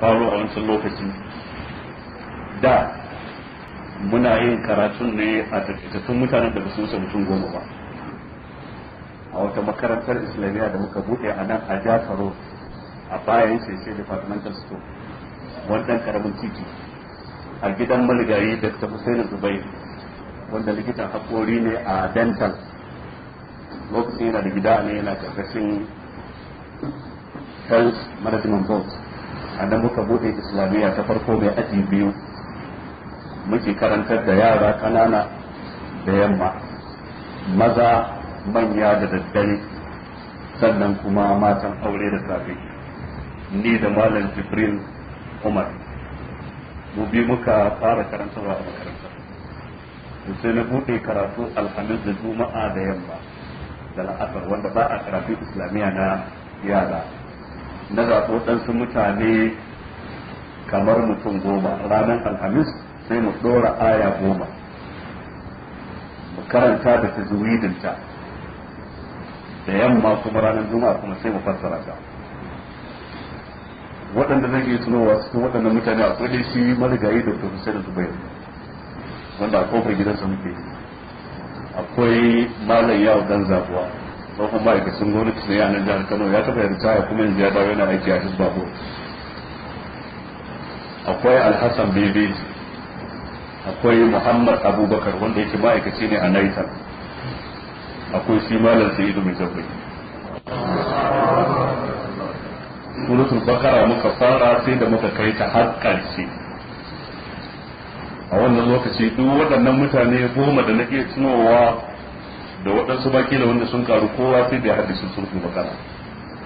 faru a wancan lokaci da muna yin karatun ne a tattattun mutanen da ba su mutum goma ba a wata makarantar islamiyya da muka buɗe a nan a jakaro a bayan sheshe departmental store wannan karamin titi a gidan marigayi da ta husaini zubai wanda likita haƙori ne a dental lokacin yana da gida ne yana karkashin health management board a muka bude islamiyya ta farko mai aji biyu muke karantar da yara kanana da yamma maza manya da daddare sannan kuma matan aure da safe ni da malam jibril umar mu bi muka fara karantarwa a makaranta sai na bude karatu alhamis da juma'a da yamma da la'asar wanda ba a karatu islamiyya na yara na zaɓi waɗansu mutane kamar mutum goma ranar alhamis sai mu ɗora aya goma mu karanta da ta zuwidinta da yamma kuma ranar juma'a kuma sai mu fassara ta waɗanda zan iya tunowa su waɗanda mutane a kudin shi marigayi da profesor da zubair wanda a kofar gidansa muke akwai malayi yawo dan zabuwa tsohon ma'aikacin gwamnati ne a nan jihar kano ya taɓa ritaya kuma yanzu ya dawo yana aiki a hisba akwai alhassan bebe akwai muhammad abubakar wanda yake ma'aikaci ne a naitan akwai shi malar sai ido mai jabbai suratul bakara muka fara sai da muka kai ta har ƙarshe a wannan lokaci duk waɗannan mutane goma da na iya tunowa da waɗansu baki da wanda sun karu kowa sai da ya haddace surfin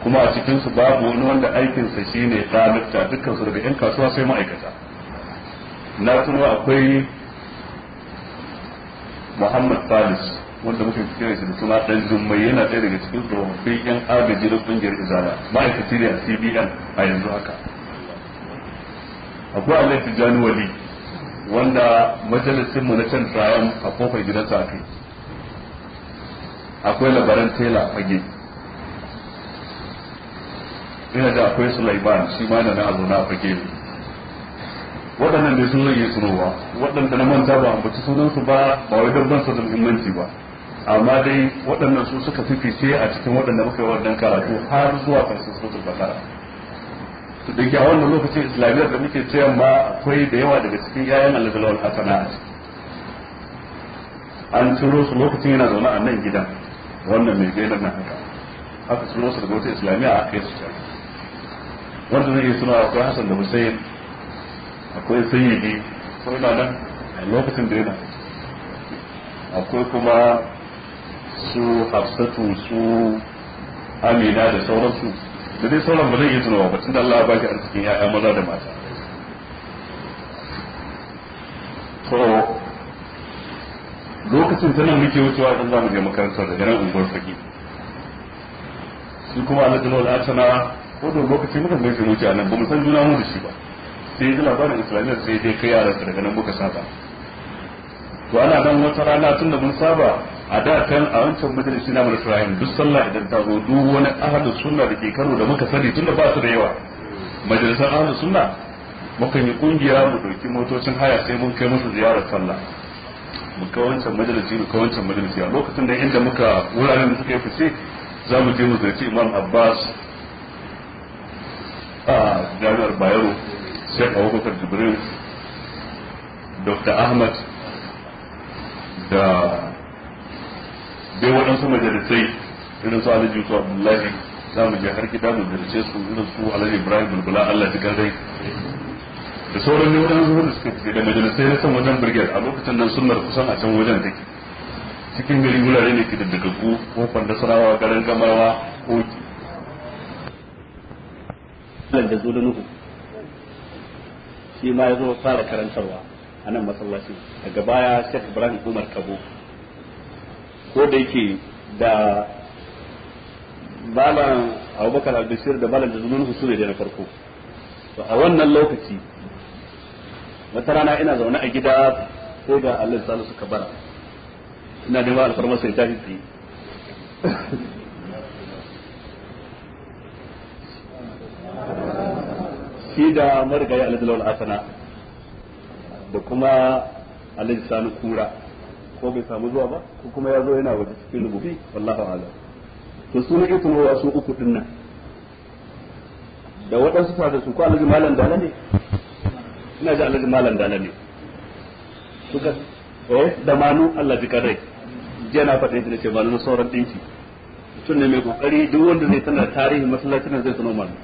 kuma a cikinsu babu wani wanda aikinsa shine ɗalibta dukkan su daga yan kasuwa sai ma'aikata na tuno akwai Muhammad Salis wanda muke cikin shi da suna dan jummai yana ɗaya daga cikin tsofaffin yan agaji da ƙungiyar izala ma'aikaci ne a cbn a yanzu haka akwai alai Januwali wanda majalisinmu na can tsayan a kofar gidansa a kai akwai labaran tela fage ina da akwai sulaiman shi ma na na azo na fage waɗannan da sun rage sunowa waɗanda na manta ba ambaci sunansu ba ba wai don su da muhimmanci ba amma dai waɗannan su suka fi fice a cikin waɗanda muka yi wannan karatu har zuwa ƙarshen suratul bakara to da ke a wannan lokacin islamiyyar da muke cewa ma akwai da yawa daga cikin yayan alazalawal hasana an ciro su lokacin yana zaune a nan gidan wannan mai gaidan na haka haka sunan su daga wata islamiyya a kai su can wanda zai yi suna akwai Hassan da hussein akwai sayyidi sun na nan a lokacin da yana akwai kuma su hafsatu su amina da sauransu da dai sauran ba zai yi suna ba tun da Allah ba shi a ya'ya maza da mata lokacin tana muke wucewa idan za mu je makaranta da garin unguwar saki Su kuma alhaji lawal asana ko da lokaci muka gaishe a nan ba mu san juna mu da shi ba sai ji labarin islamiyyar sai dai kai yaran daga nan muka saba to ana nan wata rana tun da mun saba a da kan a wancan majalisi na mun duk sallah idan ta zo duk wani ahlu sunna da ke karo da muka sani tun da ba su da yawa majalisar ahlu sunna muka yi kungiya mu dauki motocin haya sai mun kai musu ziyarar sallah mu kai wancan majalisi mu kai wancan majalisi a lokacin da inda muka wuraren da suka yi fice za mu je mu zarci imam abbas a jami'ar bayero a abubakar jibril dr ahmad da dai waɗansu majalisai irin su alhaji su abdullahi za mu je har gida mu zarce su irin su alhaji ibrahim bulbula allah ji gardai da sauran ne zuwa wanda suka fice da majalisai na san wajen birgiyar a lokacin nan sunnar kusan a can wajen take cikin gari wurare ne ke daga ku ko kwanda sarawa garin gamarwa ko da zo da nuhu shi ma ya zo fara karantarwa a nan masallaci daga baya shek ibrahim umar kabo ko da yake da malam abubakar albashir da malam da zunuhu su ne da na farko a wannan lokaci wata rana ina zaune a gida sai ga Allah sallu suka bara ina nema alfarma sai ta tsaye shi da marigayi alhaji lawal asana da kuma alhaji sani kura ko bai samu zuwa ba ko kuma ya zo yana waje cikin rububi wallahi ala to su ne ita su uku dinnan da waɗansu tare da su ko alhaji malam dala ne ina ji alhaji malam da ne suka eh da manu Allah ji kadai je na fata yadda ce manu sauran dinki tun ne mai kokari duk wanda zai tana tarihi masallaci nan zai sanar manu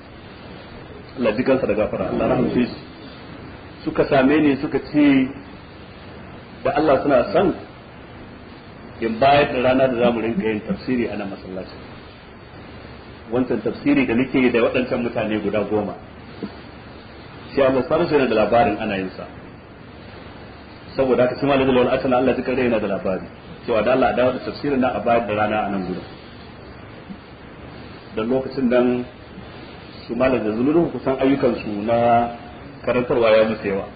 Allah ji kansa da gafara Allah rahmace shi suka same ni suka ce da Allah suna san in bayar da rana da zamu rinka yin tafsiri a nan masallacin wancan tafsiri da nake da waɗancan mutane guda goma shi Allah sarrafa yana da labarin ana yin sa saboda haka kuma ladal Allah asana Allah duka yana da labari cewa da Allah da tafsirin nan a bayar da rana a nan gudu da lokacin nan su malam da zulurun kusan ayyukansu na karantarwa ya musu yawa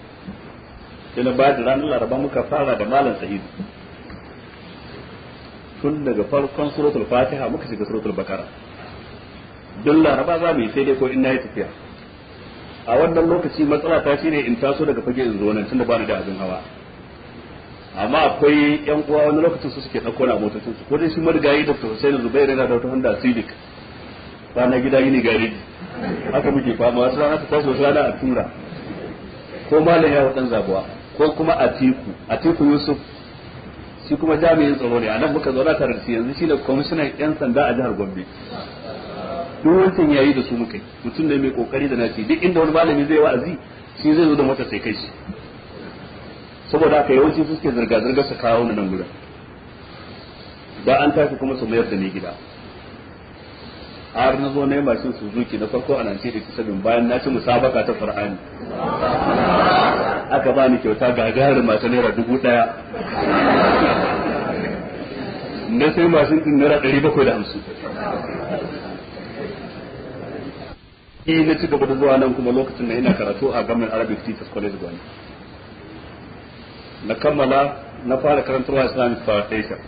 sai na bayar da ranar laraba muka fara da malam sa'idu tun daga farkon suratul fatiha muka shiga suratul bakara don laraba za mu yi sai dai ko in na yi tafiya a wannan lokaci matsala ta shine in taso daga fage in zo nan tunda ba ni da abin hawa amma akwai yan uwa wani lokacin su suke dauko na motocin su ko dai shi marigayi da Hussein Zubair yana da wata Honda Civic na gida yini gari haka muke fama wasu rana ta taso wasu rana a tura ko malam ya wadan zabuwa ko kuma a tiku a tiku Yusuf shi kuma jami'in tsaro ne a nan muka zauna tare da shi yanzu shi ne kwamishinan yan sanda a jihar Gombe duk wancan yayi da su muka yi mutum ne mai kokari da naci duk inda wani malami zai wa'azi shi zai zo da mota sai kai shi saboda haka yawanci su suke zirga zirga su kawo ni nan gurin da an tafi kuma su mayar da ni gida har na zo na yi mashin suzuki na farko a nan ce da sabin bayan na ci musabaka ta qur'ani aka ba ni kyauta gagarin masu naira dubu daya na sai mashin din naira ɗari bakwai da hamsin eh na ci gaba da zuwa nan kuma lokacin da ina karatu a gamin Arabic Teachers College Gwani na kammala na fara karantarwa Islamic Foundation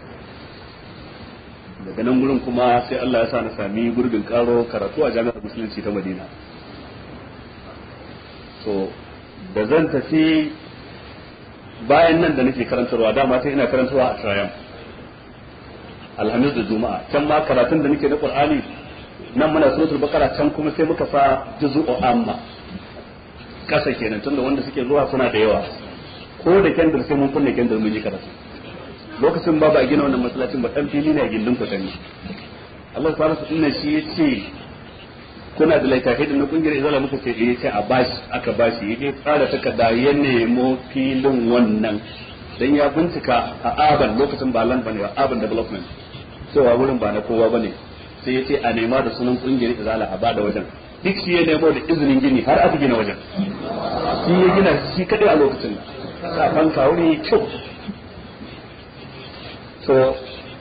daga nan gurin kuma sai Allah ya sa na sami gurbin karo karatu a jami'ar musulunci ta Madina to da zan tafi bayan nan da nake karantarwa dama sai ina karantarwa a Trayam Alhamis da Juma'a can ma karatun da nake na Qur'ani nan muna suratul baqara can kuma sai muka sa juzu'u amma kasa kenan tunda wanda suke zuwa suna da yawa ko da kendir sai mun kunna kendir mun yi karatu lokacin ba ba gina wannan masallacin ba dan fili ne gindin tani Allah subhanahu wa ta'ala shi yace kuna da laitafi da na kungiyar izala muka ce eh sai a bashi aka bashi yaje tsara da ya nemo filin wannan dan ya bincika a aban lokacin ba lan bane ba aban development a wurin ba na kowa bane sai ya ce a nema da sunan kungiyar izala a bada wajen duk shi ya nemo da izinin gini har aka gina wajen shi ya gina shi kadai a lokacin safan kawo ne kyau to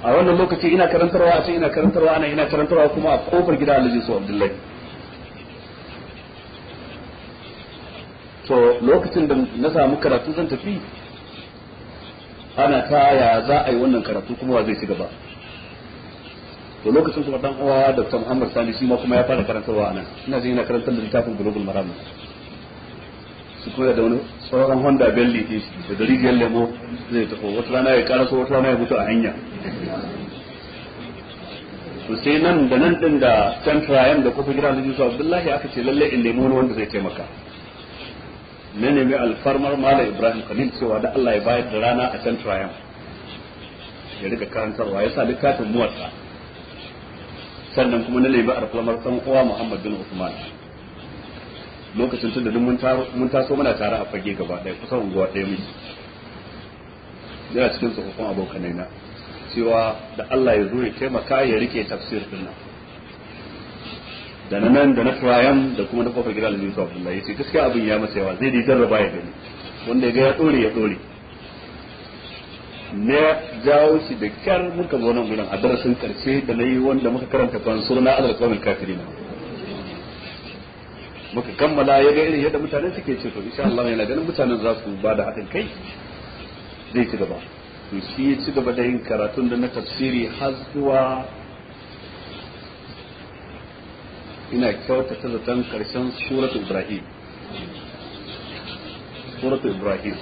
a wannan lokaci ina karantarwa a can ina karantarwa ana ina karantarwa kuma a kofar gida Alhaji Su Abdullahi to lokacin da na samu karatu zan tafi ana ta ya za a yi wannan karatu kuma wa zai ci gaba to lokacin kuma dan uwa da Dr. Muhammad Sani shi ma kuma ya fara karantarwa a nan ina jin yana karantar da littafin Global Maram su kuma da wani sauran Honda Bentley din shi da rijiyar lemo zai tafi wata rana ya karaso wata rana ya mutu a hanya to sai nan da nan din da can trayan da kofa gidan Alhaji Abdullahi aka ce lalle in nemi wanda zai taimaka na nemi alfarmar Mala Ibrahim Khalil cewa da Allah ya bayar da rana a can trayan ya rika karantarwa ya sa littafin muwatta sannan kuma na laibar alfamar san uwa Muhammad bin Usman lokacin tun da mun mun taso muna tare a fage gaba ɗaya kusan unguwa ɗaya mu yana cikin tsofaffin abokanai na cewa da Allah ya zo ya taimaka ya rike tafsir din da na nan da na turayen da kuma na kofar gidan Alhaji Abdullahi yace gaskiya abin ya masa yawa zai dai jarraba ya gani wanda ya ga ya dore ya dore na jawo shi da kyar muka zo nan gudan a darasin karshe da na yi wanda muka karanta suna na alƙawar kafiri na muka kammala ya ga irin yadda mutane suke ce to insha Allah yana ganin mutanen za su ba da haɗin kai zai ci gaba to shi ya ci gaba da yin karatun da na tafsiri har zuwa ina kyautata zaton karshen suratul ibrahim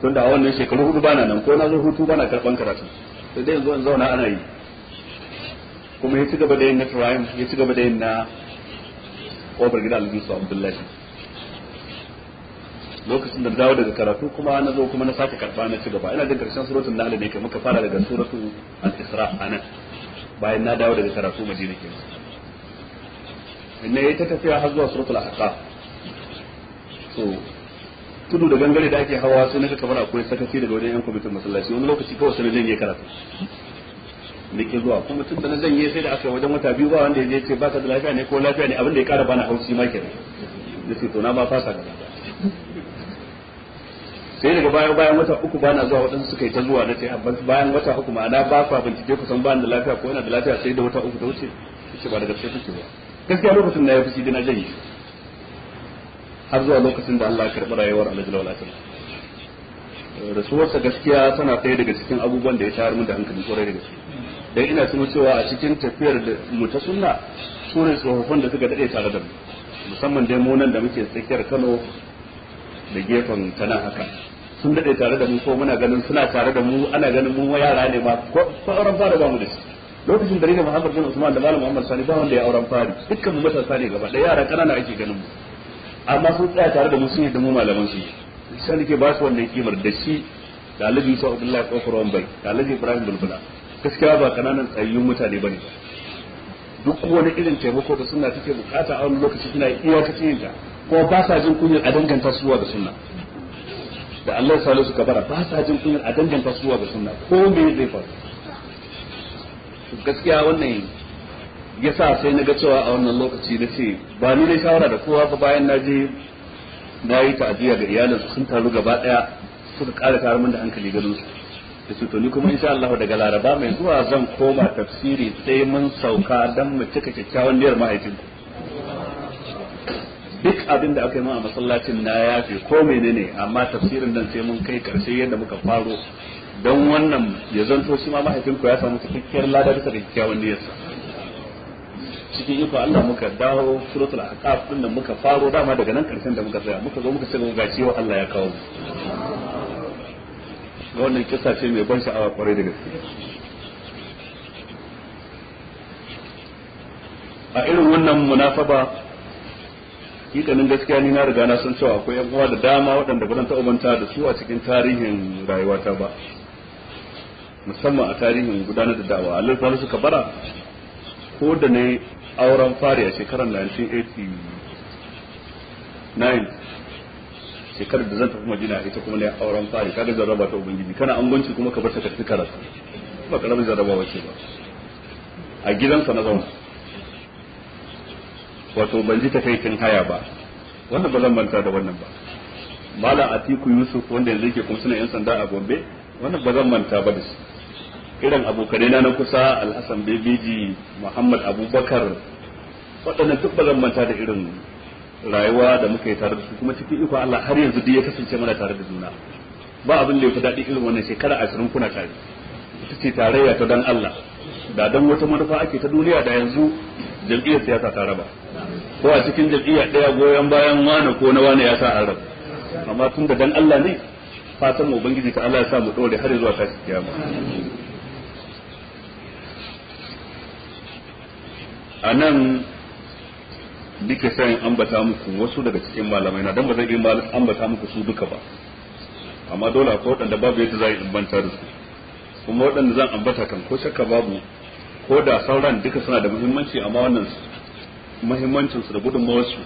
tun da a wannan shekaru hudu bana nan ko na zo hutu bana karban karatu sai dai yanzu an zauna ana yi kuma ya ci gaba da yin na turayin ya ci gaba da yin na ƙofar gida Albisu Abdullahi lokacin da dawo daga karatu kuma na zo kuma na sake karba na ci gaba ina jin karshen suratul na ne kai muka fara daga suratu al-isra nan bayan na dawo daga karatu madina ke inna ta tafiya har zuwa suratul ahqaf to tudu da gangare da ake hawa sai naga kamar akwai sakaci daga wajen yan kwamitin masallaci wani lokaci kawai sai na janye karatu ke zuwa kuma tun da na janye sai da aka wajen wata biyu ba wanda ya ce ba ka da lafiya ne ko lafiya ne abin da ya kara bana haushi ma kenan nace to na ba fasa gaba sai daga bayan bayan wata uku bana zuwa waɗansu suka yi ta zuwa na nace bayan wata uku ma ma'ana ba fa bincike kusan san bani da lafiya ko ina da lafiya sai da wata uku ta wuce ce ba da gaske take ba gaskiya lokacin na ya fushi da na janye har zuwa lokacin da Allah ya karɓi rayuwar Alhaji Lawalatin rasuwarsa gaskiya tana ɗaya daga cikin abubuwan da ya tayar min da hankali kwarai da gaske dan ina tuno cewa a cikin tafiyar da mu ta sunna su ne tsofaffin da suka daɗe tare da mu musamman dai mu nan da muke tsakiyar Kano da gefen ta nan haka sun daɗe tare da mu ko muna ganin suna tare da mu ana ganin mu yara ne ma ko auren fara ba mu da shi lokacin da Muhammad bin Usman da Malam Muhammad Sani ba wanda ya auren fari dukkan mu matasa ne gaba da yara kanana ake ganin mu amma sun tsaya tare da mu da mu malaman su sai nake ba su wannan kimar da shi da sa Abdullahi Kokoron Bai da Ibrahim Bulbula gaskiya ba kananan tsayayyun mutane bane duk wani irin taimako da sunna take bukata a wani lokaci suna iya kacin ta ko ba sa jin kunyar a danganta suwa da sunna da Allah su kabara ba sa jin kunyar a danganta suwa da sunna ko me zai faru gaskiya wannan ya sa sai na ga cewa a wannan lokaci na ce ba ni dai shawara da kowa ba bayan na je na yi ta'aziyya ga iyalin sun taru gaba daya suka ƙara tare min da hankali ganin su da su to ni kuma insha Allah daga Laraba mai zuwa zan koma tafsiri sai mun sauka dan mu cika kyakkyawan niyyar ma'aikin duk abin da aka yi a masallacin na yafe ko menene amma tafsirin dan sai mun kai karshe yadda muka faro don wannan ya zanto shi ma mahaifinku ya samu cikakkiyar lada da kyakkyawan niyyarsa cikin iko Allah muka dawo suratul aqaf din da muka faro dama daga nan karshen da muka tsaya muka zo muka ce ga ciwo Allah ya kawo mu wannan kisa ce mai ban sha'awa kwarai da gaske a irin wannan munafaba hikanin gaskiya ni na riga na san cewa akwai yan uwa da dama waɗanda ba zan taɓa da su a cikin tarihin rayuwata ba musamman a tarihin gudanar da dawa Allah ta suka bara ko da ne auren fari a shekarar 1989 shekarar da zan tafi madina ita kuma ne auren fari kada kaga jarraba ta ubangiji kana ambanci kuma ka bar ta tafi karatu ba karamin jarrabawa ce ba a gidansa na zauna wato ban ji takaicin haya ba wannan ba zan manta da wannan ba mala atiku yusuf wanda yanzu ke kuma suna yan sanda a gombe wannan ba zan manta ba da shi irin abokanai na kusa alhassan bebeji muhammad abubakar waɗanda duk zan manta da irin rayuwa da muka yi tare da su kuma cikin iko Allah har yanzu duk ya kasance mana tare da juna ba abin da ya fi daɗi irin wannan shekara ashirin kuna tare ita ce tarayya ta dan Allah da dan wata manufa ake ta duniya da yanzu jam'iyyar siyasa ta raba ko a cikin jam'iyya ɗaya goyon bayan wane ko na wane ya sa an raba amma tun da dan Allah ne fatan ubangiji ta Allah ya sa mu dore har zuwa tashi kiyama a nan nike son ambata muku wasu daga cikin malamai na dan ba zai iya ambata muku su duka ba amma dole akwai waɗanda babu yadda za a banta da su kuma waɗanda zan ambata kan ko shakka babu ko da sauran duka suna da muhimmanci amma wannan muhimmancin su da gudunmawarsu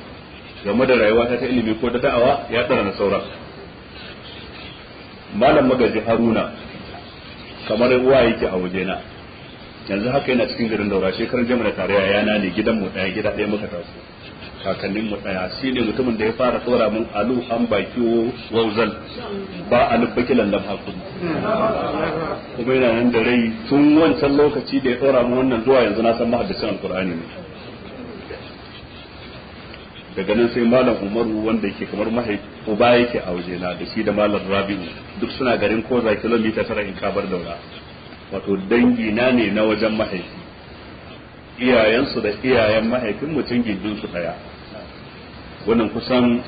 game da rayuwa ta ilimi ko da da'awa ya tsara na sauran malam magaji haruna kamar uwa yake a wajena yanzu haka yana cikin garin daura shekarun jami'a tarayya yana ne gidan mu daya gida daya muka taso kakannin mu daya shi ne mutumin da ya fara tsora mun alu an baki wauzal ba a baki lallam hakun kuma yana nan da rai tun wancan lokaci da ya tsora mun wannan zuwa yanzu na san mahaddisin alkur'ani ne daga nan sai malam umaru wanda yake kamar mahaifi uba yake a wajena da shi da malam rabi'u duk suna garin koza kilomita tara in kabar daura wato dangi na ne na wajen mahaifi iyayensu da iyayen mahaifin mutum gindin su daya wannan kusan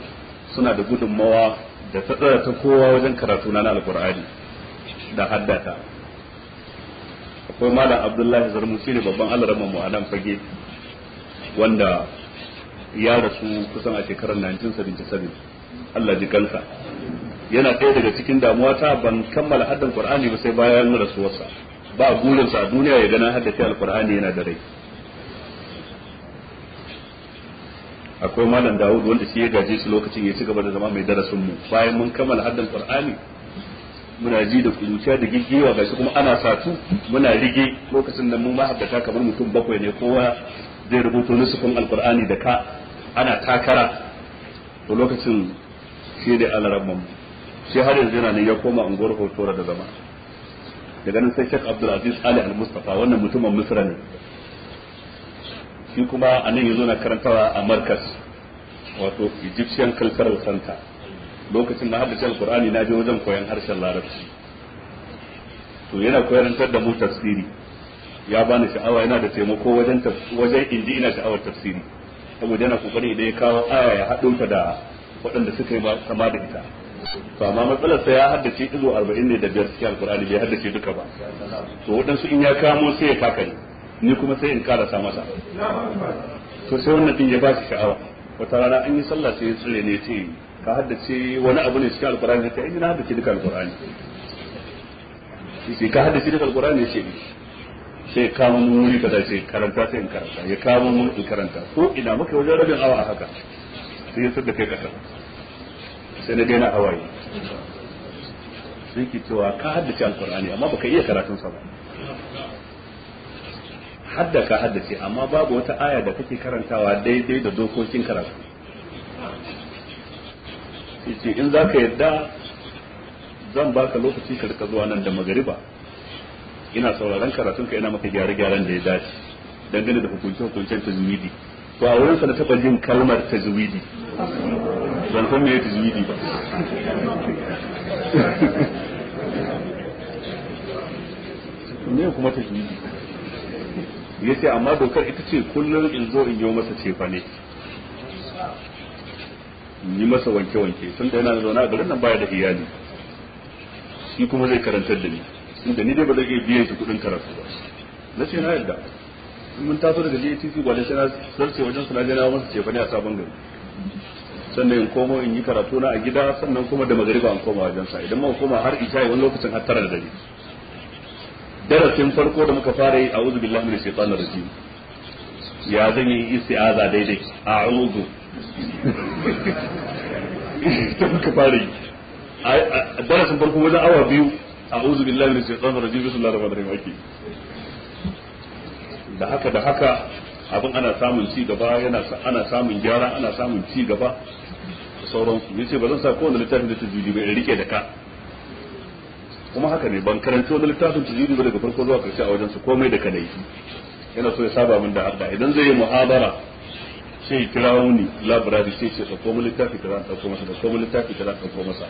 suna da gudunmawa da ta tsara ta kowa wajen karatu na alkur'ani da haddata akwai malam abdullahi zarmusi ne babban alaraman mu a nan fage wanda ya rasu kusan a shekarar 1977 Allah ji kansa yana ɗaya daga cikin damuwa ta ban kammala haddan Qur'ani ba sai bayan rasuwarsa ba burinsa a duniya ya gana haddace alkur'ani yana da rai akwai malam dawud wanda shi ya gaje su lokacin ya ci gaba da zama mai darasin mu bayan mun kammala haddan qur'ani muna ji da kuruciya da gigiwa gashi kuma ana satu muna rige lokacin da mun ma kamar mutum bakwai ne kowa zai rubuto nusufin alkur'ani da ka ana takara to lokacin shi da alarabban shi har yanzu yana ne ya koma unguwar hotora da zama daga nan sai Sheikh Abdul Aziz Ali Al-Mustafa wannan mutumin Misra ne shi kuma anan yazo na karantawa a Markas wato Egyptian Cultural Center lokacin na haddace Al-Qur'ani na je wajen koyan harshen Larabci to yana koyar da mu tafsiri ya bani sha'awa yana da taimako wajen wajen inji ina sha'awar tafsiri saboda yana kokari idan ya kawo aya ya haɗo ta da waɗanda suka yi kama da ita to amma matsalar sai ya haddace izo 40 ne da biyar cikin alkur'ani bai haddace duka ba to waɗansu in ya kamo sai ya taka ni ni kuma sai in karasa masa to sai wannan din ya ba shi sha'awa wata rana an yi sallah sai ya tsire ne ce ka haddace wani abu ne cikin alkur'ani ta ina haddace duka alkur'ani sai ka haddace duka alkur'ani ce sai ka mun muni kaza sai karanta sai in karanta ya kamo mun in karanta ko ina muka wajen rabin awa a haka sai ya sadda kai kasa sai na daina hawaye sai ki cewa ka haddace alkur'ani amma baka iya karatun sa ba hadda ka haddace amma babu wata aya da kake karantawa daidai da dokokin karatu yace in za yadda zan baka lokaci ka rika zuwa nan da magariba ina sauraron karatun ka ina maka gyare-gyaren da ya dace dangane da hukunce-hukuncen tajwidi to a wurin sa na taba jin kalmar tajwidi ban san me tajwidi ba ne kuma tajwidi yace amma dokar ita ce kullum in zo in yi masa cefa ne yi masa wanke-wanke tun da yana zaune a garin nan baya da iyali shi kuma zai karantar da ni inda ni dai ba zai iya biyan shi kudin karatu ba na ce na yarda mun taso daga JTC gwale sai na zarce wajen su na je na masa cefa ne a sabon gari sannan in komo in yi karatu na a gida sannan kuma da magariba an koma wajen sa idan mun koma har isha wani lokacin har tara da dare darasin farko da muka fara yi a'udhu billahi minash shaitanir rajim ya zan isti'aza daidai a'udhu ta muka fara yi darasin farko wajen awa biyu a'udhu billahi minash shaitanir rajim bismillahir rahmanir rahim da haka da haka abin ana samun ci gaba yana ana samun gyara ana samun ci gaba da sauransu ce ba zan sa kowane littafin da tijiri ba in rike da ka kuma haka ne ban karanci wani littafin tijiri ba daga farko zuwa karshe a wajen su komai da kadai yana so ya saba min da hadda idan zai yi muhabara sai kira wuni library sai ce sako mun littafi kaza an dauko masa sako mun littafi kaza an dauko masa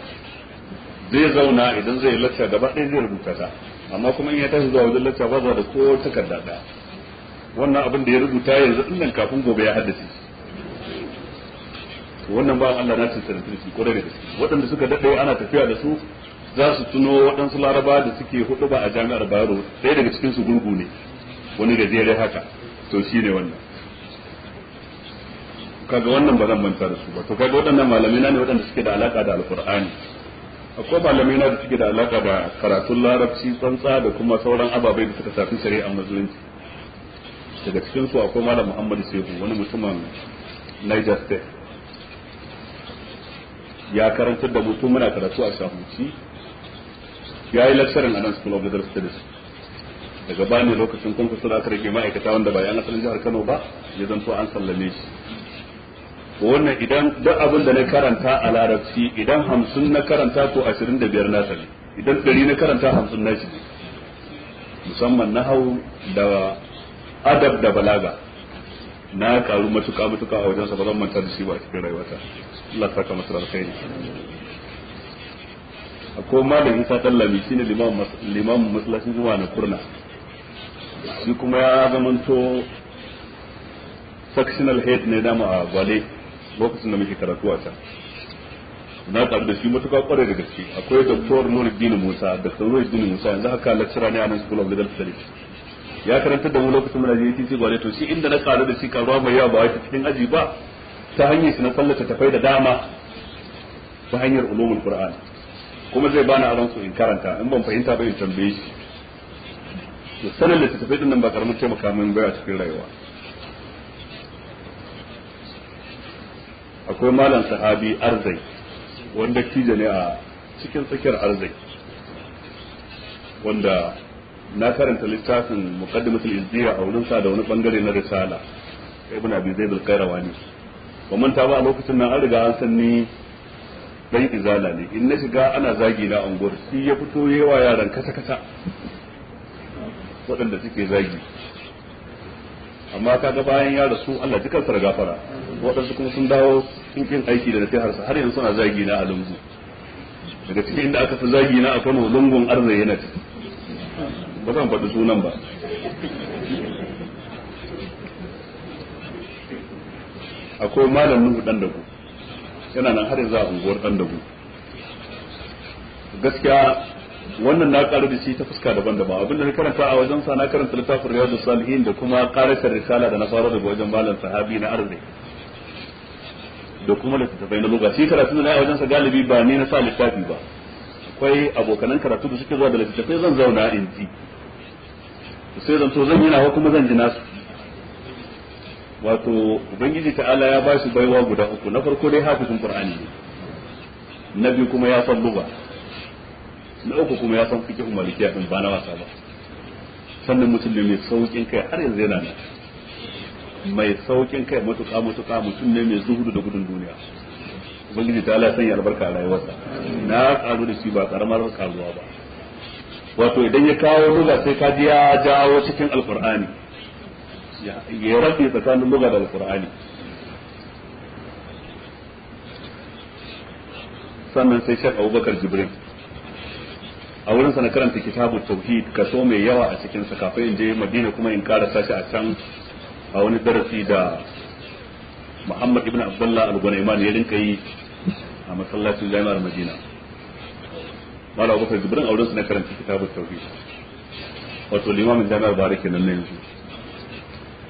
zai zauna idan zai lacca gaba ɗaya zai rubuta ta amma kuma in ya tashi zuwa wajen lacca ba za da ko takarda ɗaya wannan abin da ya rubuta yanzu nan kafin gobe ya haddace wannan ba Allah na cin sarki kwarai da gaske waɗanda suka daɗe ana tafiya da su za su tuno waɗansu laraba da suke hudu ba a jami'ar bayero ɗaya daga cikin su gurgu ne wani gajere haka to shi ne wannan kaga wannan ba zan manta da su ba to kaga waɗannan malamai na ne waɗanda suke da alaka da alkur'ani akwai malamai na da suke da alaka da karatun larabci tsantsa da kuma sauran ababai da suka shafi a musulunci daga cikin su akwai malam Muhammad Sefu wani mutumin Niger State ya karantar da mutum muna karatu a Shahuci ya yi lecturing anan School of Legal Studies daga bani lokacin kun kusa da aka rage ma'aikata wanda ba yan asalin jihar Kano ba ya zanto an sallame shi wannan idan duk abin da na karanta a larabci idan hamsin na karanta ko ashirin da biyar nasa ne idan ɗari na karanta hamsin na shi musamman na hau da adab da balaga na karu matuka matuka a wajen sabon manta da shi ba cikin rayuwata Allah ya saka masa alkhairi akwai malam Isa tallami shine limamin limam masallacin zuwa na kurna shi kuma ya zamanto sectional head ne dama a gwale lokacin da muke karatu a can na karu da shi matuka kwarai da gaske akwai Dr. Nuruddin Musa Dr. Nuruddin Musa yanzu haka lecturer ne a nan School of Legal Studies ya karanta da mu lokacin muna je titi gwale to shi inda na karu da shi karuwa mai yawa ba wai cikin aji ba ta hanyar shi na sallata tafai da dama ta hanyar ulumul qur'an kuma zai bani aron su in karanta in ban fahimta ba in tambaye shi to sanin da tafai din nan ba karamin taimaka min ba a cikin rayuwa akwai malam sahabi arzai wanda kije ne a cikin tsakiyar arzai wanda na karanta littafin muqaddimatul Izdiya a wurin sa da wani bangare na risala ibn abi zaid al ne. ba manta ba a lokacin nan an riga an san ni dan izala ne in na shiga ana zagi na anguwar shi ya fito yawa yaran kasa kasa waɗanda suke zagi amma kaga bayan ya rasu Allah dukan sa gafara waɗansu kuma sun dawo sun kin aiki da nasihar har yanzu suna zagi na a lungu daga cikin inda aka fi zagi na a Kano lungun arzai yana ciki ba zan faɗi sunan ba akwai malam nuhu dan dagu yana nan har yanzu a unguwar dan dagu gaskiya wannan na ƙara da shi ta fuska daban-daban abin da na karanta a wajen sa na karanta littafin riyadu salihin da kuma ƙarasar risala da na fara daga wajen malam sahabi na arziki da kuma littattafai na lugha shi karatu da na wajen sa galibi ba ni na sa littafi ba akwai abokanan karatu da suke zuwa da littattafai zan zauna in ji sai zan to zan yi nawa kuma zan ji nasu wato ubangiji ta'ala ya ba shi baiwa guda uku na farko dai hafizin qur'ani ne na biyu kuma ya san lugha na uku kuma ya san fiqh malikiya din ba na wasa ba sannan musulmi mai saukin kai har yanzu yana nan mai saukin kai mutuka mutuka mutum ne mai zuhudu da gudun duniya ubangiji ta ala sanya albarka a rayuwarsa na karu da shi ba karamar karuwa ba wato idan ya kawo luga sai ka ji ya jawo cikin alkur'ani ya rabe tsakanin buga da alkur'ani sannan sai shek Abubakar Jibrin a wurin na karanta kitabu tauhid kaso mai yawa a cikin sa kafin in je Madina kuma in karasa shi a can a wani darasi da Muhammad ibn Abdullah al-Gunayman ya rinka yi a masallacin Jami'ar Madina malam abubakar jibrin auren su na karanta kitabun tauhid wato limamin jami'ar bare kenan na yanzu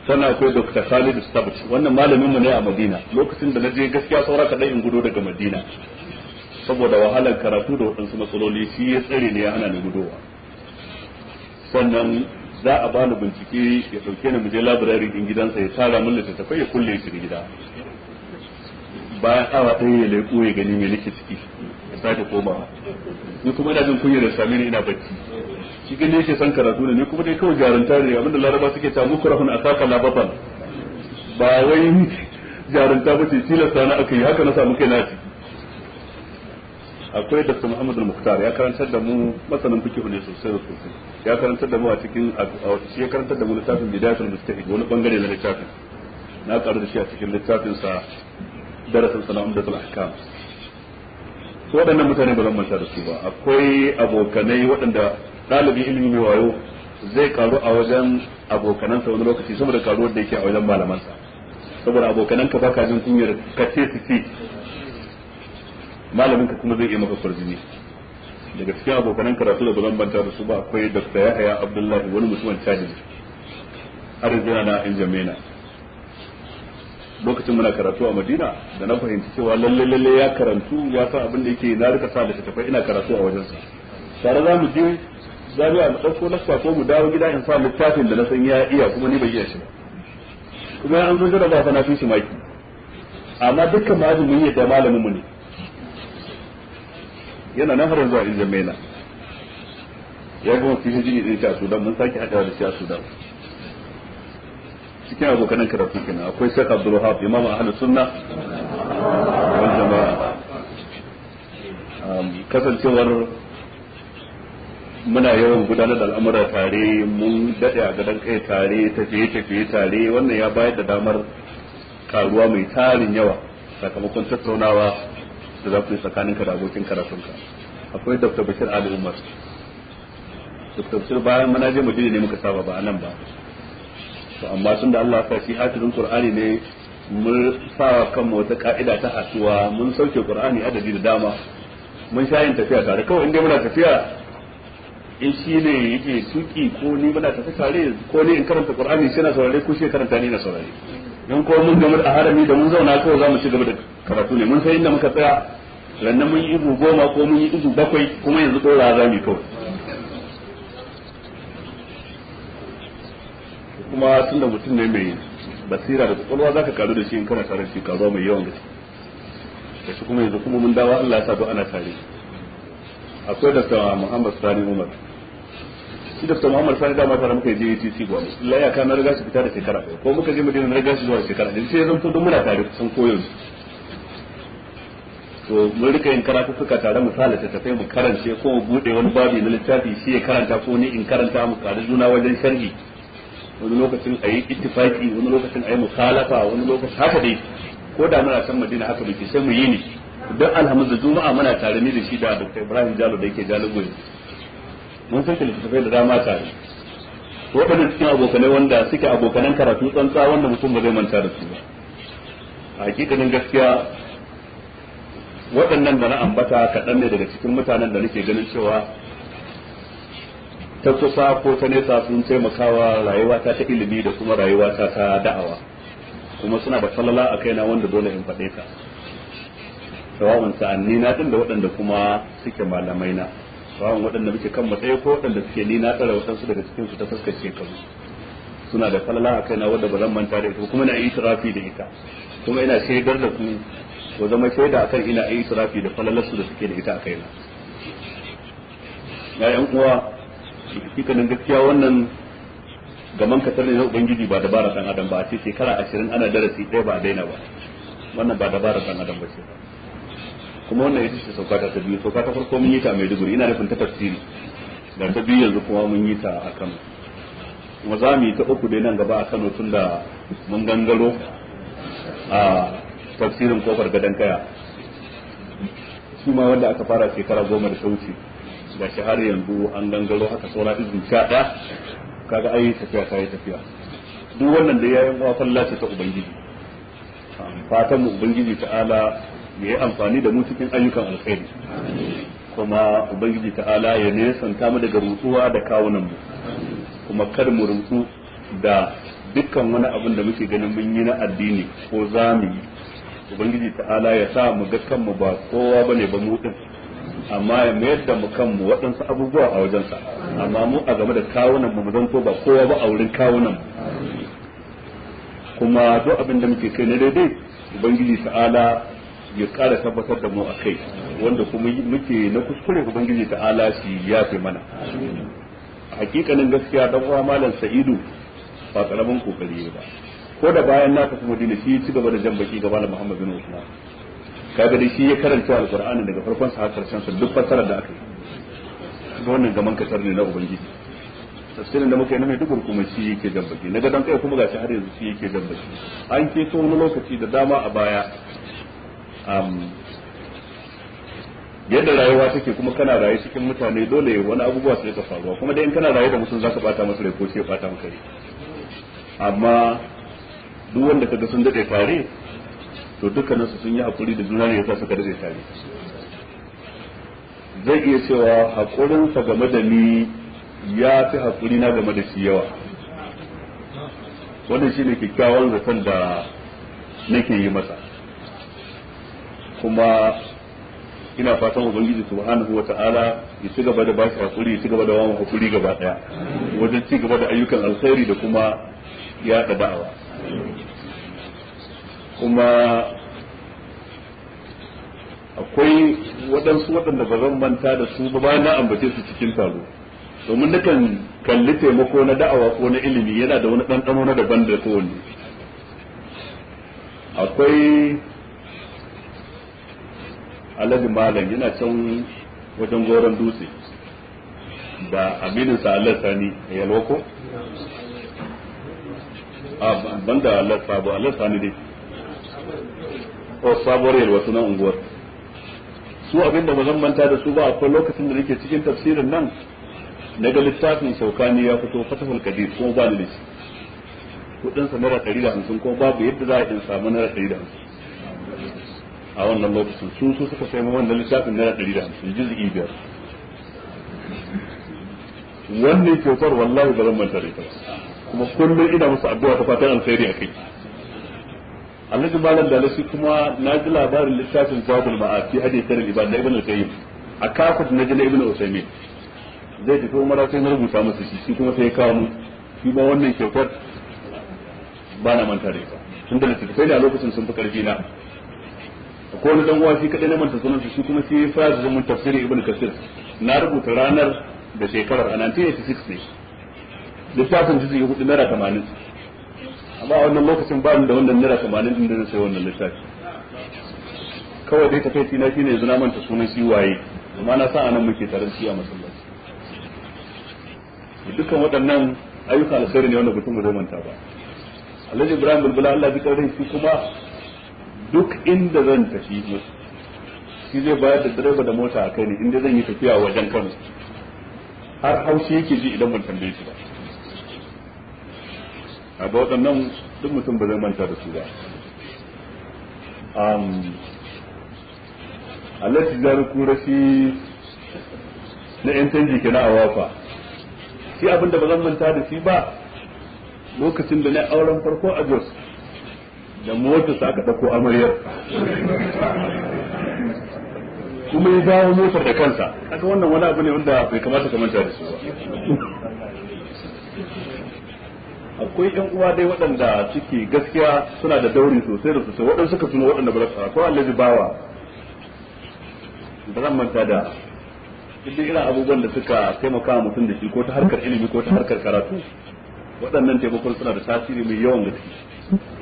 sannan akwai dr khalid sabt wannan malamin mu ne a madina lokacin da na je gaskiya saura kaɗai in gudo daga madina saboda wahalar karatu da waɗansu matsaloli shi ya tsare ne ya hana ni gudowa sannan za a bani bincike ya ɗauke ni mu je in gidansa ya tara min littattafai ya kulle shi gida bayan awa ɗaya ya leƙo ya gani mai nake ciki ya sake komawa ni kuma ina jin kunya da sami ni ina bacci shi gani yake son karatu ne ni kuma dai kawai jarunta ne abinda laraba suke ta muku rahun a saka labafan ba wai jarunta ba ce tilasta na aka yi haka na samu kai na ciki akwai da Muhammadu al ya karantar da mu masanin fiqh ne sosai sosai ya karantar da mu a cikin shi ya karantar da mu littafin bidayatul mustahid wani bangare na littafin na karu da shi a cikin littafin sa darasin sana umdatul ahkam su waɗannan mutane ba zan manta da su ba akwai abokanai waɗanda ɗalibin ilimi mai wayo zai karu a wajen abokanansa wani lokaci saboda karuwar da yake a wajen malamansa saboda abokananka ba ka jin kunyar ka ce su ce malamin ka kuma zai iya maka kwarjini daga cikin abokanan karatu da ba zan manta da su ba akwai dr yahaya abdullahi wani mutumin cajin arzina na in jamena lokacin muna karatu a Madina da na fahimci cewa lalle lalle ya karantu ya san abin da yake na rika sa da tafai ina karatu a wajensa tare za mu je za mu ɗauko lakka ko mu dawo gida in sa littafin da na san ya iya kuma ni bai iya shi kuma an zo jarraba fa na fi shi maki amma dukkan ma'ajin mun yi da malamin mu ne yana nan har yanzu a injin maina ya gama fi shi jini ɗin ta a Sudan mun sake haɗawa da shi a Sudan cikin abokanan karatu kenan akwai Sheikh Abdul Wahab Imam Ahlus Sunna wal Jama'a um, kasancewar muna yawan gudanar da al'amura tare mun daɗe a gadon kai tare tafiye-tafiye tare wannan ya bayar da damar karuwa mai tarin yawa sakamakon tattaunawa da za ku yi ka da abokin karatunka akwai dr bashir ali umar dr bashir bayan muna je mu ne muka saba ba a nan ba to amma da Allah ka shi hatirin Qur'ani ne mun sa kanmu wata ka'ida ta hasuwa mun sauke Qur'ani adadi da dama mun sha yin tafiya tare kawai inda muna tafiya in shi ne yake tuki ko ni muna tafiya tare ko ni in karanta Qur'ani shi na saurare ko shi karanta ni na saurare dan ko mun gamu da harami da mun zauna kawai za mu ci gaba da karatu ne mun sai inda muka tsaya sannan mun yi ibu goma ko mun yi ibu bakwai kuma yanzu ɗora za mu kawai kuma tunda mutum ne mai basira da kwakwalwa za ka karu da shi in kana tare da shi karuwa mai yawan gaske da shi kuma yanzu kuma mun dawa Allah ya sa ana tare akwai da Muhammad Sani Umar shi da Muhammad Sani dama tare muka je ba mu Allah ya kana riga su fita da shekara ko muka je Madina na riga su zuwa shekara da sai ya to don muna tare kusan koyon to mun rika yin karatu suka tare misali ta tafai mu karance ko mu bude wani babi na littafi shi ya karanta ko ni in karanta mu kare juna wajen sharhi wani lokacin a yi ittifaki wani lokacin a yi mukhalafa wani lokacin haka dai ko da muna san madina haka bai sai mu yi ne don alhamis da juma'a muna tare ni da shi da dr ibrahim jalo da yake jalo gobe mun san littattafai da dama tare waɗanda cikin abokanai wanda suke abokanan karatu tsantsa wanda mutum ba zai manta da su ba a hakikanin gaskiya waɗannan da na ambata kaɗan ne daga cikin mutanen da nake ganin cewa ta kusa ko ta nesa sun taimakawa rayuwa ta ta ilimi da kuma rayuwa ta ta da'awa kuma suna da falala a kaina wanda dole in faɗe ka sawa'un sa'anni na din da waɗanda kuma suke malamai na sawa'un waɗanda muke kan matsayi ko waɗanda suke ni na tsara waɗansu daga cikin su ta fuskar shekaru suna da falala a kaina wanda ba zan manta da ita kuma na yi tirafi da ita kuma ina shaidar da ku ko zama shaida akan ina yi tirafi da falalar su da suke da ita a kaina ya yan uwa ce hikanin gaskiya wannan gaman kasar ne na ubangiji ba dabara san adam ba a ce shekara ashirin ana darasi ɗaya ba a daina ba wannan ba dabara san adam ba ce kuma wannan ita ce sauka ta biyu sauka ta farko mun yi ta a duguri ina nufin ta tafsiri da ta biyu yanzu kuma mun yi ta a kano kuma za mu yi ta uku dai nan gaba a kano tun da mun gangaro a tafsirin kofar gadon kaya shi ma wanda aka fara shekara goma da ta wuce ba shi har yanzu an gangaro haka saura izin sha ɗaya kaga ai tafiya ta yi tafiya duk wannan da yayin uwa falla ta ubangiji fatan mu ubangiji ta'ala ya yi amfani da mu cikin ayyukan alkhairi kuma ubangiji ta'ala ya nesanta mu daga rutsuwa da kawunan mu kuma kar mu rutsu da dukkan wani abin da muke ganin mun yi na addini ko zamu yi ubangiji ta'ala ya sa mu ga kanmu ba kowa bane ba mu amma ya mayar da mu kanmu waɗansu abubuwa a wajensa amma mu a game da kawunan mu zanto ba kowa ba a wurin kawunan kuma duk abin da muke kai na daidai ubangiji ta'ala ya ƙara tabbatar da mu a kai wanda kuma muke na kuskure ubangiji ta'ala shi ya fi mana hakikanin gaskiya dan uwa malam sa'idu ba karamin kokari ba ko da bayan na tafi madina shi ci gaba da jan baki ga da muhammad bin usman kaga da shi ya karanta alqur'ani daga farkon sa har karshen sa duk fassarar da aka yi ga wannan gaman kasar ne na ubangiji tafsirin da muka yi na mai dukur kuma shi yake jambaki na dan kai kuma gashi har yanzu shi yake jambaki an to wani lokaci da dama a baya yadda rayuwa take kuma kana raye cikin mutane dole wani abubuwa su rika faruwa kuma dai in kana raye da mutum zaka bata masa rai ko ce bata maka rai amma duk wanda kaga sun dade fare to dukkanin su sun yi hakuri da juna ne yasa suka dace tare zai iya cewa hakurin sa game da ni ya fi hakuri na game da shi yawa wannan shine kyakkyawan zaton da nake yi masa kuma ina fatan ubangiji subhanahu ta'ala ya ci gaba da bashi hakuri ya ci gaba da wani hakuri gaba daya wajen ci gaba da ayyukan alkhairi da kuma ya da'awa kuma akwai waɗansu waɗanda ba zan manta da su ba bayan na ambace su cikin taro domin nakan kalli taimako na da'awa ko na ilimi yana da wani ɗanɗano na daban da kowanne akwai alhaji malam yana can wajen goron dutse da aminin sa Allah sani a yalwako a ah, banda Allah sabo Allah sani dai ko sabuwar yalwa suna unguwar su abinda ba zan manta da su ba akwai lokacin da nake cikin tafsirin nan na ga littafin shaukani ya fito fatahul kadir ko ba ni shi kudin sa naira ɗari da hamsin ko babu yadda za a yi samu naira ɗari da hamsin a wannan lokacin su su suka sai wannan littafin naira ɗari da hamsin jizu biyar wannan kyautar wallahi ba zan manta da ita kuma kullum ina musu addu'a ta fatan alkhairi a kai annabi malam da lasi kuma na ji labarin littafin zabul ma'a fi hadi karin ibad da ibnu al a kafat na ji na ibn usaymin zai tafi da sai na rubuta masa shi shi kuma sai ya kawo mu shi ba wannan kyautar ba na manta da ita tun da sai da lokacin sun fi karfi na ko wani dan uwa shi kadai na manta sunan shi kuma sai ya fara zama tafsirin ibnu kasir na rubuta ranar da shekarar a 1986 ne littafin jizi hudu naira 80 amma a wannan lokacin ba ni da wannan naira tamanin din da na sai wannan littafi kawai dai takaici tina shi ne zina manta sunan shi waye amma na san anan muke taron shi a masallaci dukkan waɗannan ayyuka alkhairi ne wanda mutum bai manta ba Alhaji Ibrahim Bulbula Allah ji karin shi kuma duk inda zan tafi shi zai bayar da direba da mota a kai ne inda zan yi tafiya wajen Kano har haushi yake ji idan ban tambaye shi ba a ba waɗannan duk mutum ba zai manta da su ba Allah ta kura shi na yan canji ke a awafa shi abinda da ba zan manta da shi ba lokacin da na auren farko a Jos da motar sa aka ɗauko amaryar kuma ya dawo motar da kansa kaga wannan wani abu ne wanda bai kamata ka manta da su ba akwai yan uwa dai waɗanda ciki gaskiya suna da dauri sosai da sosai waɗanda suka tuno waɗanda ba za su bawa da zan manta da duk irin abubuwan da suka taimaka mutum da shi ko ta harkar ilimi ko ta harkar karatu waɗannan taimakon suna da tasiri mai yawan gaske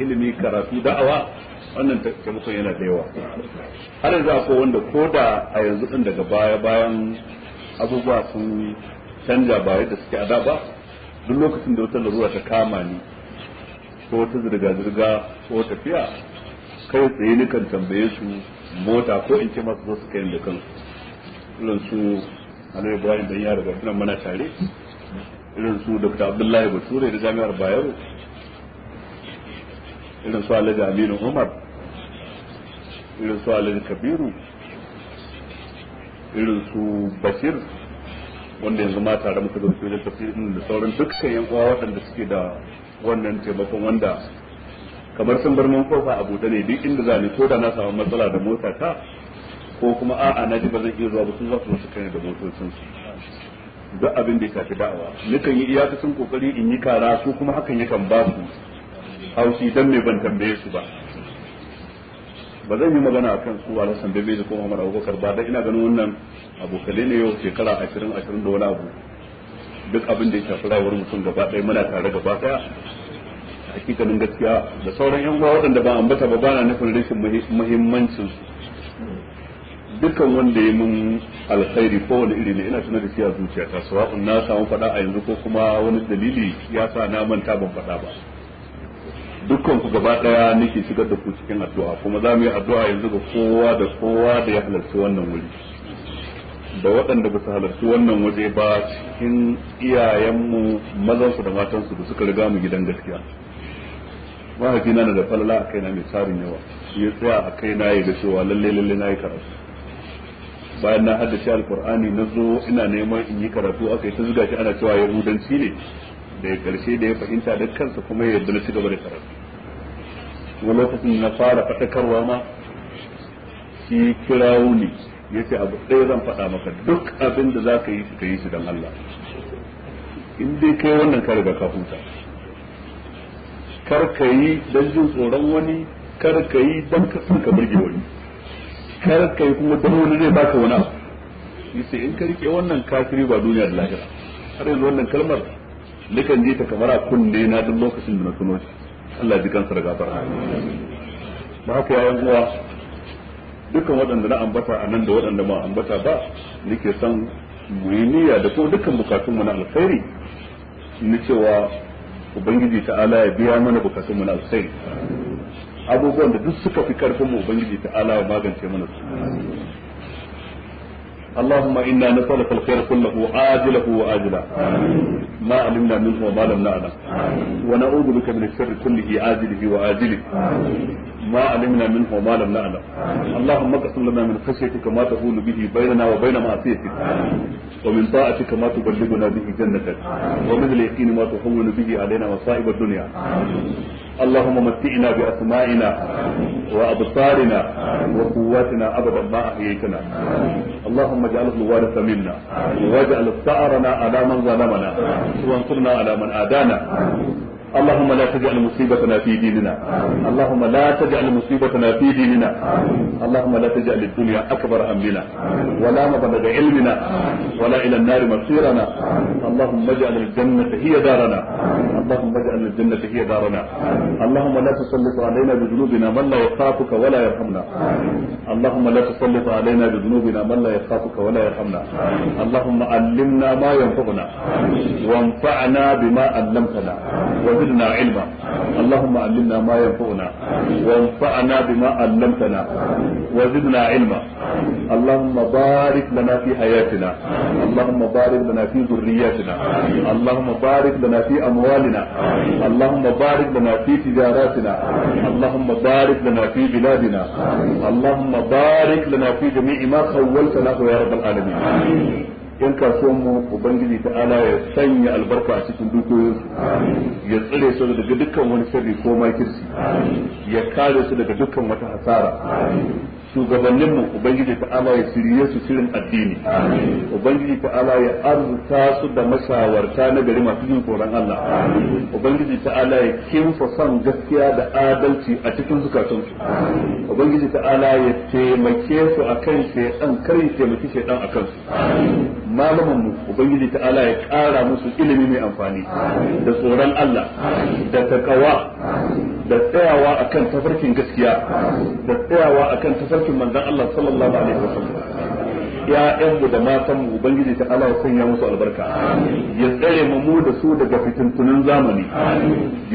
ilimi karatu da'awa wannan taimakon yana da yawa har yanzu akwai wanda ko da a yanzu ɗin daga baya bayan abubuwa sun canja ba yadda suke a da ba duk lokacin da wata larura ta kama ni ko wata zirga-zirga ko tafiya kai tsaye kan tambaye su mota ko in ce masu zo su kai da kansu irin su Annabi Ibrahim dan yara ga tunan mana tare irin su Dr. Abdullahi Bature da Jami'ar Bayero irin su Alhaji Aminu Umar irin su Alhaji Kabiru irin su Bashir wanda yanzu ma tare muka dauke da tafsirin da sauran dukkan yan uwa waɗanda suke da wannan taimakon wanda kamar sun bar mun kofa a buɗe ne duk inda za ni ko da na samu matsala da mota ta ko kuma a'a na ji ba zan iya zuwa ba sun za su kai da motocin su duk abin da ya shafi da'awa nukan yi iyakacin kokari in yi kara su kuma hakan yakan ba su haushi dan me ban tambaye su ba ba zan yi magana akan su Alhassan Bebe da kuma Umar Abubakar ba dan ina ganin wannan abokalai ne yau shekara 20 20 da wani abu duk abin da ya shafi rayuwar mutum gaba ɗaya muna tare gaba ɗaya hakikanin gaskiya da sauran yan uwa waɗanda ba ambata ba bana nufin rashin muhimmancin dukkan wanda ya mun alkhairi ko wani iri ne ina tuna da shi a ta sawa'un na samu faɗa a yanzu ko kuma wani dalili ya sa na manta ban faɗa ba dukkan ku gaba daya nake shigar da ku cikin addu'a kuma za mu yi addu'a yanzu ga kowa da kowa da ya halarci wannan wuri da waɗanda ba su halarci wannan waje ba cikin iyayenmu su da matan matansu da suka riga mu gidan gaskiya mahaifina na da falala a kaina mai tsarin yawa ya tsaya a kaina ya ga cewa lalle lalle na yi karatu bayan na haddace alkur'ani na zo ina neman in yi karatu aka yi ta zuga shi ana cewa yahudanci ne daga karshe da ya fahimta da kansa kuma ya yarda na ci gaba da karatu lokacin na fara faɗakarwa ma shi kirawo ne ya ce abu ɗaya zan faɗa maka duk abin da za ka yi ka yi shi don Allah in dai kai wannan kare riga kafuta huta kar ka yi don jin tsoron wani kar ka yi don ka san ka burge wani kar ka yi kuma don wani zai baka wani abu yace in ka rike wannan kafiri ba duniya da lahira har yanzu wannan kalmar likan ji ta kamar a kunne na duk lokacin da na tuno shi Allah ji kansa da gafara ba haka yayin uwa dukkan waɗanda na ambata a nan da waɗanda ma ambata ba nake san mu yi niyya da kuma dukkan bukatun mu na alkhairi ni cewa ubangiji ta'ala ya biya mana bukatun mu na alkhairi abubuwan da duk suka fi karfin mu ubangiji ta'ala ya magance mana su اللهم انا نسالك الخير كله عاجله واجله ما علمنا منه وما لم نعلم ونعوذ بك من الشر كله عاجله واجله ما علمنا منه وما لم نعلم اللهم اقسم لنا من خشيتك ما تحول به بيننا وبين معصيتك ومن طاعتك ما تبلغنا به جنتك ومن اليقين ما تحول به علينا مصائب الدنيا اللهم متئنا بأسمائنا وأبصارنا وقواتنا أبدا ما أحييتنا اللهم اجعله الوارث منا واجعل ثأرنا على من ظلمنا وانصرنا على من آدانا اللهم لا تجعل مصيبتنا في ديننا اللهم لا تجعل مصيبتنا في ديننا اللهم لا تجعل الدنيا اكبر همنا ولا مبلغ علمنا ولا الى النار مصيرنا اللهم اجعل الجنه هي دارنا اللهم اجعل الجنه هي دارنا اللهم لا تسلط علينا بذنوبنا من لا يخافك ولا يرحمنا اللهم لا تسلط علينا بذنوبنا من لا يخافك ولا يرحمنا اللهم علمنا ما ينفعنا وانفعنا بما علمتنا وزدنا علما اللهم علمنا ما ينفعنا وانفعنا بما علمتنا وزدنا علما اللهم بارك لنا في حياتنا اللهم بارك لنا في ذرياتنا اللهم بارك لنا في أموالنا اللهم بارك لنا في تجاراتنا اللهم بارك لنا في بلادنا اللهم بارك لنا في جميع ما خولت له يا رب العالمين yan kasuwan mu ubangiji ta ala ya sanya albarka a cikin dukiyoyin ya tsire su daga dukkan wani sirri ko makirci ya kare su daga dukkan wata hasara shugabannin mu ubangiji ala ya shirye su shirin addini ubangiji ala ya arzuta su da mashawarta na gari masu jin koran Allah ubangiji ala ya kimfa son gaskiya da adalci a cikin zukatun su ubangiji ala ya taimake su akan shaidan kar ya taimaki shaidan akan su malaman mu ubangiji ala ya kara musu ilimi mai amfani da tsoron Allah da takawa da tsayawa akan tafarkin gaskiya da tsayawa akan tafarkin tafarkin manzon Allah sallallahu alaihi wasallam ƴaƴanmu da matanmu ubangiji ta Allah ya sanya musu albarka ya tsare mu mu da su daga fitintunan zamani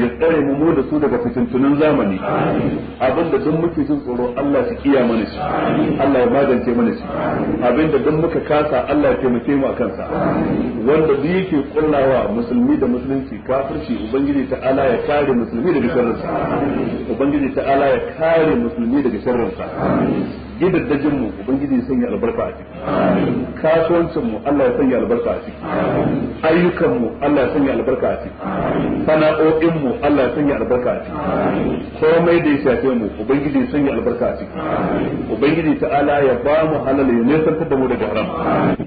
ya tsare mu mu da su daga fitintunan zamani abin da duk muke jin tsoro Allah ya kiya mana shi Allah ya magance mana shi abin da duk muka kasa Allah ya taimake mu akan sa wanda duk yake kullawa musulmi da musulunci kafirci ubangiji ta Allah ya kare musulmi daga sharrinsa ubangiji ta Allah ya kare musulmi daga sharrinsa gidaddajin mu ubangiji ya yi albarka a ciki kasuwancin mu Allah ya sanya albarka a ciki ayyukan mu Allah ya sanya albarka a ciki sana'o'in mu Allah ya sanya albarka a ciki komai da ya shafe mu ubangiji ya sanya albarka a ciki ubangiji ta'ala ya ba mu halal ya nisantar da mu daga haram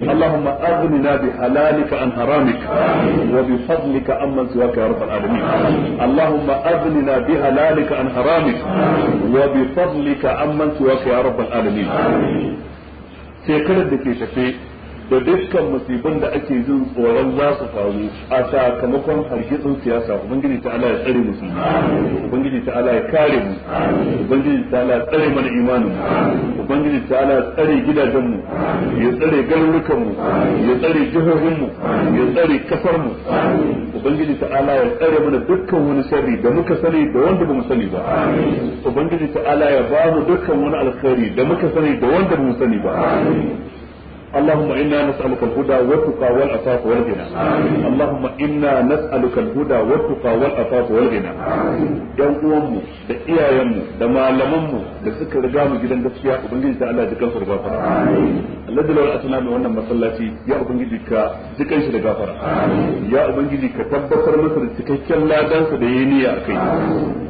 Allahumma aghnina bi halalika an haramika wa bi fadlika amman siwaka ya rabbal alamin Allahumma aghnina bi halalika an haramika wa bi fadlika amman siwaka ya rabbal alamin alamin sai karar da ke tafe da dukkan musibin da ake jin tsoron za su faru a sakamakon hargitsin siyasa ubangiji ta Allah ya tsare musu ubangiji ta Allah ya kare mu ubangiji ta Allah ya tsare mana imanin ubangiji ta Allah ya tsare gidajen mu ya tsare garurukan mu ya tsare jihohin mu ya tsare kasar mu ubangiji ta Allah ya tsare mana dukkan wani sharri da muka sani da wanda ba sani ba ubangiji ta Allah ya ba mu dukkan wani alkhairi da muka sani da wanda ba sani ba اللهم إنا نسألك الهدى والتقى والعفاف والغنى اللهم إنا نسألك الهدى والتقى والعفاف والغنى yan uwanmu da iyayenmu da malamanmu da suka riga mu gidan gaskiya ubangiji ta Allah dukan su gafara Allah da lawal asna mai wannan masallaci ya ubangiji ka dukan shi da gafara ya ubangiji ka tabbatar masa da cikakken ladan sa da yayi niyya akai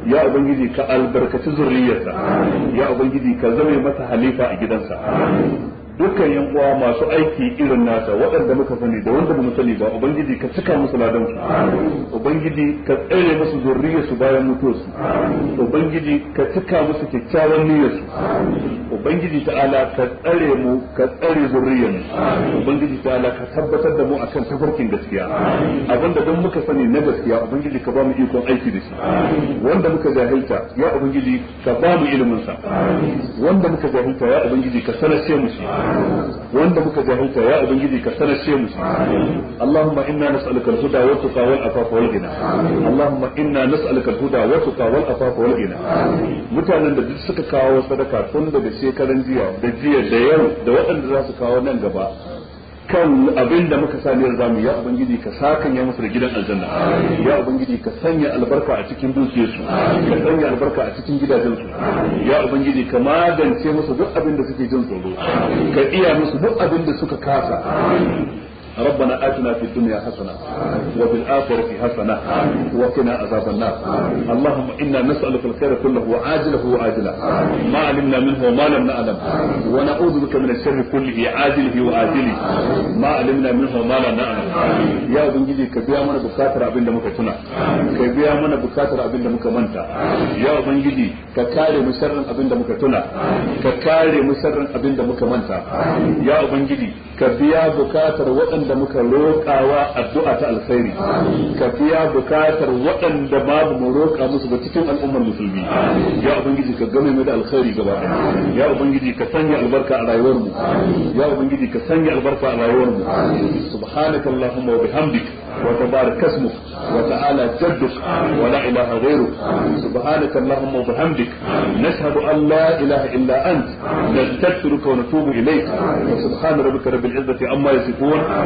ya ubangiji ka albarkaci Amin. ya ubangiji ka zame masa halifa a gidansa Amin. dukkan yan uwa masu aiki irin nasa waɗanda muka sani da wanda bamu sani ba ubangiji ka cika musu ladan su ubangiji ka tsare musu zurriyar su bayan mutuwar su ubangiji ka cika musu kyakkyawan niyyar su ubangiji ala ka tsare mu ka tsare zurriyar mu ubangiji ta'ala ka tabbatar da mu akan tafarkin gaskiya da don muka sani na gaskiya ubangiji ka ba mu ikon aiki da shi wanda muka jahilta ya ubangiji ka ba mu ilimin sa wanda muka jahilta ya ubangiji ka sanarce mu shi wanda muka jahilta ya ubangiji ka sanashe mu Allahumma inna nas'aluka al-huda wa tuqa wal afafa wal ghina Allahumma inna nas'aluka al-huda wa tuqa wal afafa wal ghina mutanen da duk suka kawo sadaka tun daga shekaran jiya da jiya da yau da waɗanda za su kawo nan gaba kan abin da muka sa niyyar zamu ya ubangiji ka sakan ya musu da gidan aljanna ya ubangiji ka sanya albarka a cikin dukiyarsu ka sanya albarka a cikin gidajensu ya ubangiji ka magance musu duk abin da suke jin tsoro ka iya musu duk abin da suka kasa ربنا آتنا في الدنيا حسنة وفي الآخرة حسنة وقنا عذاب النار اللهم إنا نسألك الخير كله وعاجله وعاجله ما علمنا منه وما لم نعلم ونعوذ بك من الشر كله عاجله وعاجله ما علمنا منه وما لم نعلم يا ubangiji ka biya mana bukatar abin da muka tuna ka biya mana bukatar abin muka manta ya ubangiji ka kare mu sharrin abin muka tuna ka kare mu muka manta ka biya waɗanda muka roƙawa addu'a ta alkhairi ka fiya bukatar waɗanda babu mu roƙa musu ba cikin al'ummar musulmi ya ubangiji ka mu da alkhairi gaba ɗaya ya ubangiji ka sanya albarka a rayuwar mu ya ubangiji ka sanya albarka a rayuwar mu subhanakallahumma wa bihamdik wa tabarak ismuk wa ta'ala jadduk wa la ilaha ghayruk subhanaka allahumma wa bihamdik nashhadu an la ilaha illa ant nastaghfiruka wa natubu ilayk